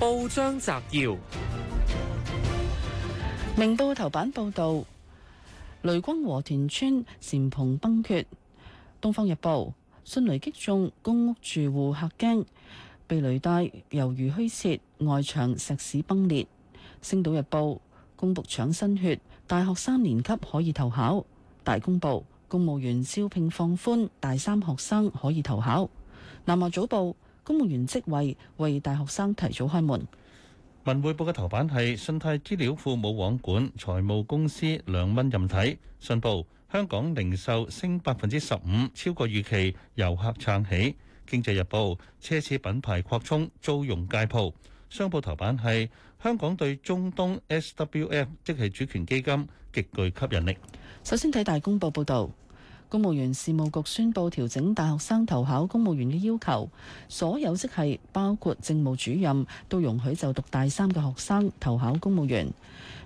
報章摘要：明報頭版報道，雷光和田村禪棚崩缺；東方日報，迅雷擊中公屋住戶，客驚；避雷帶猶如虛設，外牆石屎崩裂。星島日報，公僕搶新血，大學三年級可以投考。大公報，公務員招聘放寬，大三學生可以投考。南華早報。公務員職位為大學生提早開門。文匯報嘅頭版係信貸資料庫冇網管，財務公司兩蚊任睇。信報：香港零售升百分之十五，超過預期。遊客撐起。經濟日報：奢侈品牌擴充租用街鋪。商報頭版係香港對中東 SWF，即係主權基金，極具吸引力。首先睇大公報報道。公務員事務局宣布調整大學生投考公務員嘅要求，所有職系包括政務主任都容許就讀大三嘅學生投考公務員，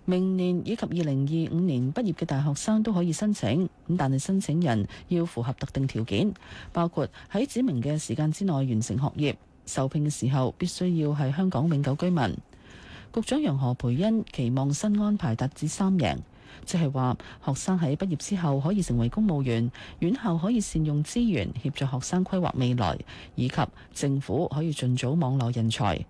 明年以及二零二五年畢業嘅大學生都可以申請。但係申請人要符合特定條件，包括喺指明嘅時間之內完成學業，受聘嘅時候必須要係香港永久居民。局長楊何培恩期望新安排達至三贏。即係話學生喺畢業之後可以成為公務員，院校可以善用資源協助學生規劃未來，以及政府可以盡早網羅人才。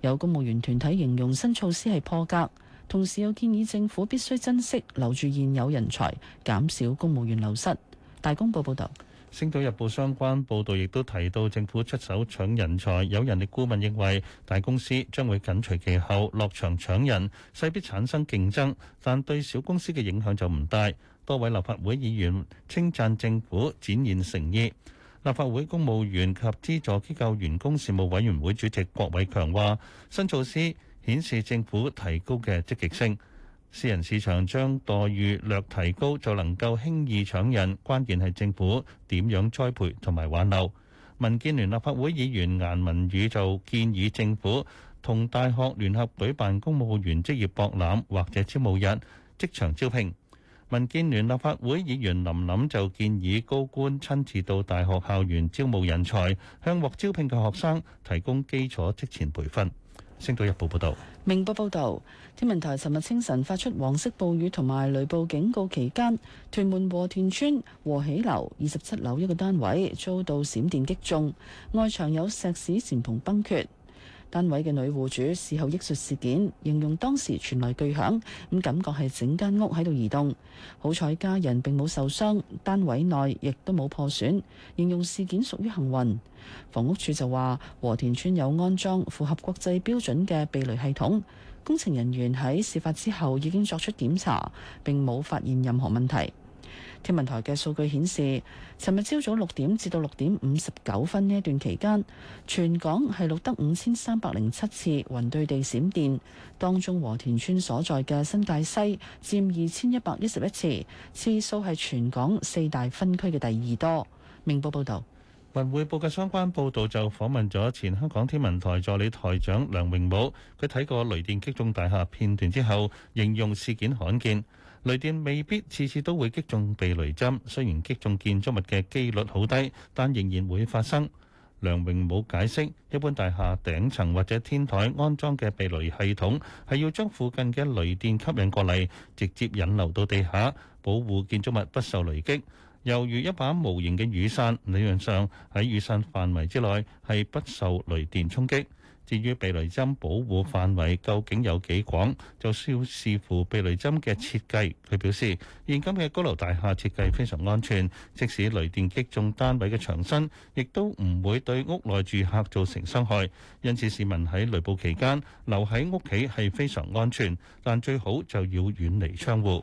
有公務員團體形容新措施係破格，同時又建議政府必須珍惜留住現有人才，減少公務員流失。大公報報道。《星島日報》相關報導亦都提到，政府出手搶人才，有人力顧問認為，大公司將會緊隨其後落場搶人，勢必產生競爭，但對小公司嘅影響就唔大。多位立法會議員稱讚政府展現誠意。立法會公務員及資助機構員工事務委員會主席郭偉強話：新措施顯示政府提高嘅積極性。私人市場將待遇略提高就能夠輕易搶人，關鍵係政府點樣栽培同埋挽留。民建聯立法會議員顏文宇就建議政府同大學聯合舉辦公務員職業博覽或者招募日、即場招聘。民建聯立法會議員林琳就建議高官親自到大學校園招募人才，向獲招聘嘅學生提供基礎職前培訓。星島日報報道，明報報道，天文台尋日清晨發出黃色暴雨同埋雷暴警告期間，屯門和田邨和喜樓二十七樓一個單位遭到閃電擊中，外牆有石屎檐篷崩缺。單位嘅女戶主事後憶述事件，形容當時傳來巨響，咁感覺係整間屋喺度移動。好彩家人並冇受傷，單位內亦都冇破損，形容事件屬於幸運。房屋署就話，和田村有安裝符合國際標準嘅避雷系統，工程人員喺事發之後已經作出檢查，並冇發現任何問題。天文台嘅數據顯示，尋日朝早六點至到六點五十九分呢一段期間，全港係錄得五千三百零七次雲對地閃電，當中和田村所在嘅新界西佔二千一百一十一次，次數係全港四大分區嘅第二多。明報報道，文匯報嘅相關報導就訪問咗前香港天文台助理台長梁榮武，佢睇過雷電擊中大廈片段之後，形容事件罕見。雷電未必次次都會擊中避雷針，雖然擊中建築物嘅機率好低，但仍然會發生。梁榮武解釋，一般大廈頂層或者天台安裝嘅避雷系統係要將附近嘅雷電吸引過嚟，直接引流到地下，保護建築物不受雷擊。猶如一把無形嘅雨傘，理論上喺雨傘範圍之內係不受雷電衝擊。至於避雷針保護範圍究竟有幾廣，就需要視乎避雷針嘅設計。佢表示，現今嘅高樓大廈設計非常安全，即使雷電擊中單位嘅牆身，亦都唔會對屋內住客造成傷害。因此，市民喺雷暴期間留喺屋企係非常安全，但最好就要遠離窗戶。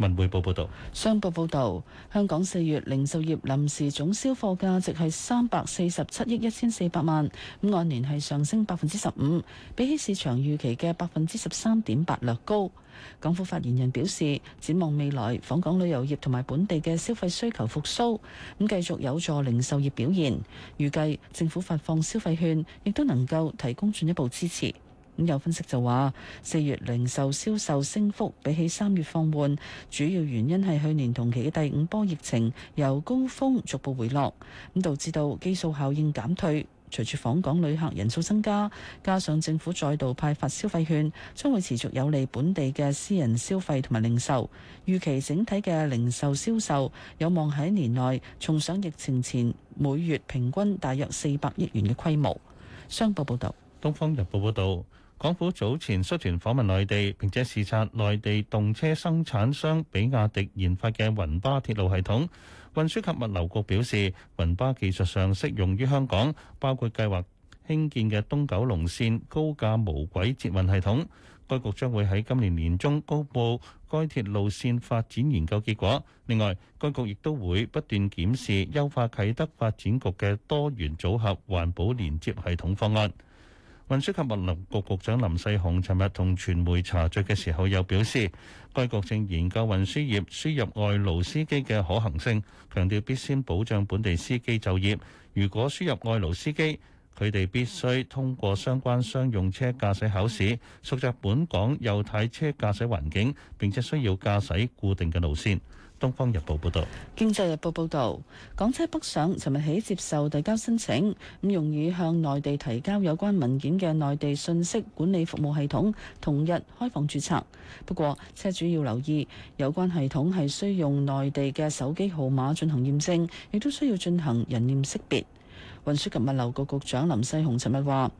文匯報報道，商報報道，香港四月零售業臨時總銷貨價值係三百四十七億一千四百萬，咁按年係上升百分之十五，比起市場預期嘅百分之十三點八略高。港府發言人表示，展望未來，訪港旅遊業同埋本地嘅消費需求復甦，咁繼續有助零售業表現。預計政府發放消費券，亦都能夠提供進一步支持。有分析就話，四月零售銷售升幅比起三月放緩，主要原因係去年同期嘅第五波疫情由高峰逐步回落，咁導致到基數效應減退。隨住訪港旅客人數增加，加上政府再度派發消費券，將會持續有利本地嘅私人消費同埋零售。預期整體嘅零售銷售有望喺年內重上疫情前每月平均大約四百億元嘅規模。商報報導，《東方日報》報導。港府早前率團訪問內地，並且視察內地動車生產商比亞迪研發嘅雲巴鐵路系統。運輸及物流局表示，雲巴技術上適用於香港，包括計劃興建嘅東九龍線高架無軌捷運系統。該局將會喺今年年中公布該鐵路線發展研究結果。另外，該局亦都會不斷檢視、優化啟德發展局嘅多元組合環保連接系統方案。運輸及物流局局長林世雄尋日同傳媒茶敘嘅時候，又表示，該局正研究運輸業輸入外勞司機嘅可行性，強調必先保障本地司機就業。如果輸入外勞司機，佢哋必須通過相關商用車駕駛考試，熟習本港右軚車駕駛環境，並且需要駕駛固定嘅路線。《東方日報》報道，《經濟日報》報導，港車北上，尋日起接受遞交申請。咁，用於向內地提交有關文件嘅內地信息管理服務系統，同日開放註冊。不過，車主要留意，有關系統係需要用內地嘅手機號碼進行驗證，亦都需要進行人臉識別。運輸及物流局局長林世雄尋日話，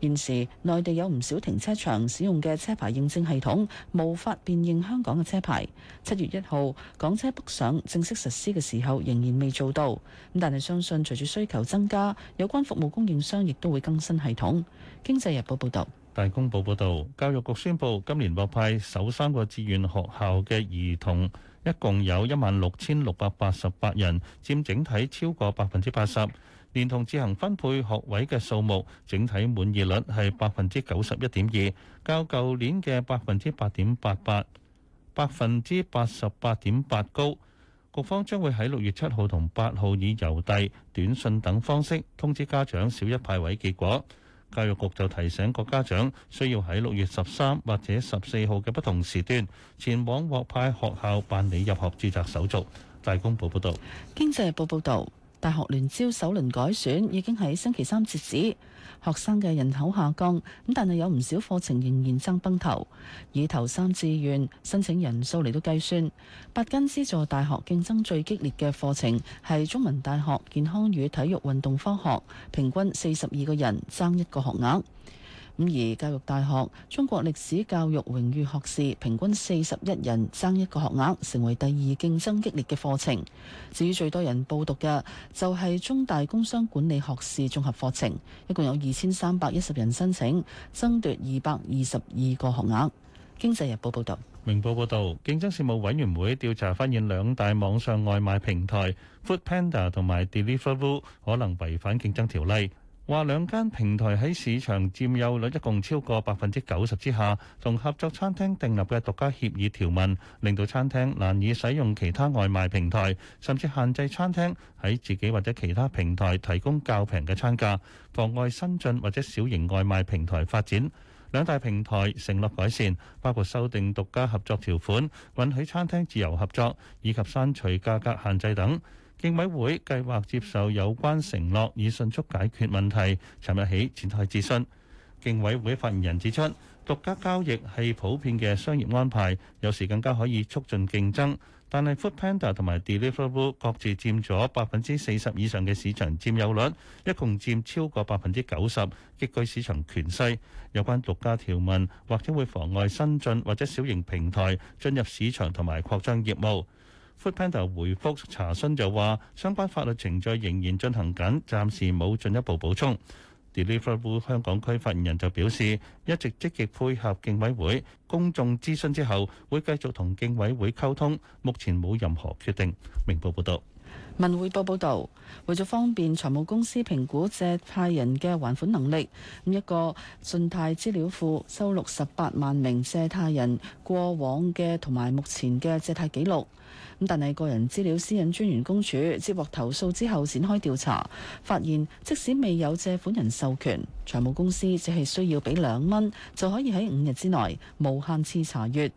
現時內地有唔少停車場使用嘅車牌認證系統，無法辨認香港嘅車牌。七月一號港車北上正式實施嘅時候，仍然未做到。咁但係相信隨住需求增加，有關服務供應商亦都會更新系統。《經濟日報》報道，《大公報》報道，教育局宣布今年獲派首三個志願學校嘅兒童，一共有一萬六千六百八十八人，佔整體超過百分之八十。連同自行分配學位嘅數目，整體滿意率係百分之九十一點二，較舊年嘅百分之八點八八，百分之八十八點八高。局方將會喺六月七號同八號以郵遞、短信等方式通知家長小一派位結果。教育局就提醒各家長需要喺六月十三或者十四號嘅不同時段前往獲派學校辦理入學註冊手續。大公報報導，經濟日報報導。大學聯招首輪改選已經喺星期三截止，學生嘅人口下降，咁但係有唔少課程仍然爭崩頭。以頭三志願申請人數嚟到計算，八間資助大學競爭最激烈嘅課程係中文大學健康與體育運動科學，平均四十二個人爭一個學額。咁而教育大學中國歷史教育榮譽學士平均四十一人爭一個學額，成為第二競爭激烈嘅課程。至於最多人報讀嘅就係、是、中大工商管理學士綜合課程，一共有二千三百一十人申請，爭奪二百二十二個學額。經濟日報報道：「明報報道，競爭事務委員會調查發現，兩大網上外賣平台 Foodpanda 同埋 Deliveroo 可能違反競爭條例。話兩間平台喺市場佔有率一共超過百分之九十之下，同合作餐廳訂立嘅獨家協議條文，令到餐廳難以使用其他外賣平台，甚至限制餐廳喺自己或者其他平台提供較平嘅餐價，妨礙新進或者小型外賣平台發展。兩大平台承諾改善，包括修訂獨家合作條款，允許餐廳自由合作，以及刪除價格限制等。競委會計劃接受有關承諾，以迅速解決問題。尋日起展開諮詢，競委會發言人指出，獨家交易係普遍嘅商業安排，有時更加可以促進競爭。但係 Foodpanda 同埋 Deliveroo 各自佔咗百分之四十以上嘅市場佔有率，一共佔超過百分之九十，極具市場權勢。有關獨家條文或者會妨礙新進或者小型平台進入市場同埋擴張業務。Foodpanda 就回覆查詢就話，相關法律程序仍然進行緊，暫時冇進一步補充。Deliveroo 香港區發言人就表示，一直積極配合競委會，公眾諮詢之後會繼續同競委會溝通，目前冇任何決定。明報報道。文匯報報道，為咗方便財務公司評估借貸人嘅還款能力，咁一個信貸資料庫收錄十八萬名借貸人過往嘅同埋目前嘅借貸記錄。咁但係個人資料私隱專員公署接獲投訴之後展開調查，發現即使未有借款人授權，財務公司只係需要俾兩蚊就可以喺五日之內無限次查閱。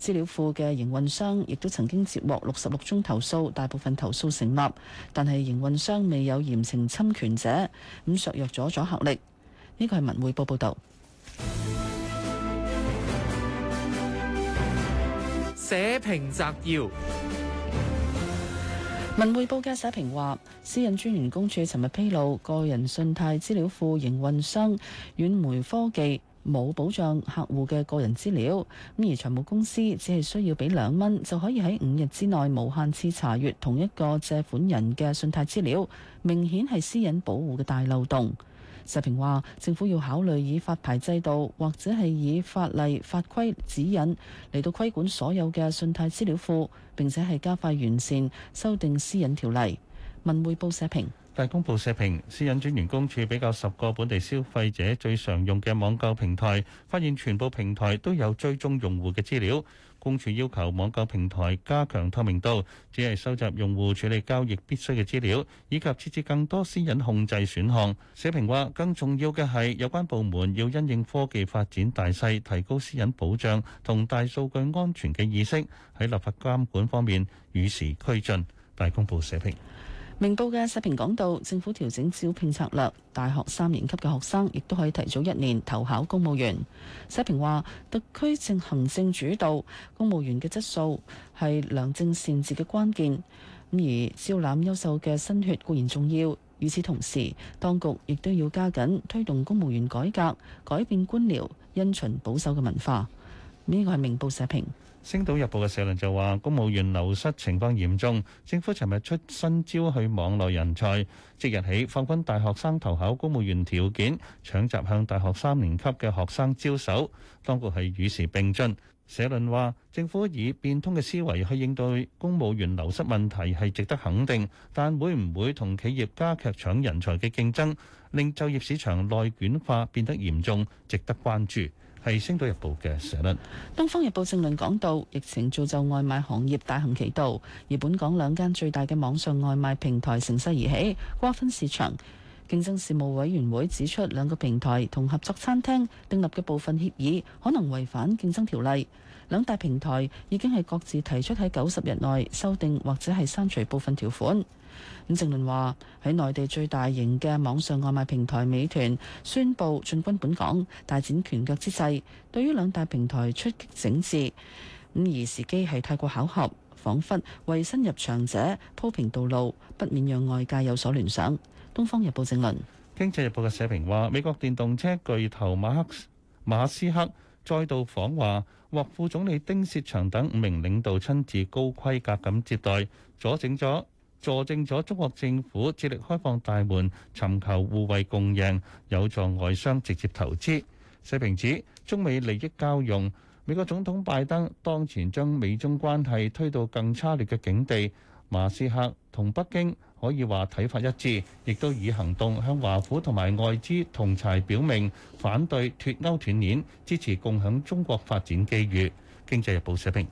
資料庫嘅營運商亦都曾經接獲六十六宗投訴，大部分投訴成立，但係營運商未有嚴懲侵，侵權者，咁削弱咗阻嚇力。呢、這個係文匯報報導。社評摘要。文匯報嘅社評話，私隱專員公署尋日披露，個人信貸資料庫營運商遠媒科技。冇保障客戶嘅個人資料，咁而財務公司只係需要俾兩蚊就可以喺五日之內無限次查閲同一個借款人嘅信貸資料，明顯係私隱保護嘅大漏洞。社評話：政府要考慮以發牌制度或者係以法例法規指引嚟到規管所有嘅信貸資料庫，並且係加快完善修訂私隱條例。文匯報社評。大公報社評：私隱專員公署比較十個本地消費者最常用嘅網購平台，發現全部平台都有追蹤用戶嘅資料。公署要求網購平台加強透明度，只係收集用戶處理交易必須嘅資料，以及設置更多私隱控制選項。社評話：更重要嘅係，有關部門要因應科技發展大勢，提高私隱保障同大數據安全嘅意識，喺立法監管方面與時俱進。大公報社評。明報嘅社評講到，政府調整招聘策略，大學三年級嘅學生亦都可以提早一年投考公務員。社評話，特區正行政主導，公務員嘅質素係良政善治嘅關鍵。咁而招攬優秀嘅新血固然重要，與此同時，當局亦都要加緊推動公務員改革，改變官僚因循保守嘅文化。呢、這個係明報社評。《星島日報》嘅社論就話，公務員流失情況嚴重，政府尋日出新招去網羅人才，即日起放寬大學生投考公務員條件，搶閘向大學三年級嘅學生招手。當局係與時並進，社論話，政府以變通嘅思維去應對公務員流失問題係值得肯定，但會唔會同企業加劇搶人才嘅競爭，令就業市場內卷化變得嚴重，值得關注。提升到日報》嘅社論，《東方日報》政論講到疫情造就外賣行業大行其道，而本港兩間最大嘅網上外賣平台乘勢而起，瓜分市場。競爭事務委員會指出，兩個平台同合作餐廳訂立嘅部分協議可能違反競爭條例。兩大平台已經係各自提出喺九十日內修訂或者係刪除部分條款。伍正倫話：喺內地最大型嘅網上外賣平台美團宣布進軍本港，大展拳腳之際，對於兩大平台出擊整治，咁而時機係太過巧合，仿佛為新入場者鋪平道路，不免讓外界有所聯想。《東方日報正》正論，《經濟日報》嘅社評話：美國電動車巨頭馬克斯馬斯克再度訪華，獲副總理丁薛祥等五名領導親自高規格咁接待，佐整咗。助證咗中國政府致力開放大門，尋求互惠共贏，有助外商直接投資。社評指中美利益交融，美國總統拜登當前將美中關係推到更差劣嘅境地。馬斯克同北京可以話睇法一致，亦都以行動向華府同埋外資同儕表明反對脱歐斷鏈，支持共享中國發展機遇。經濟日報社評。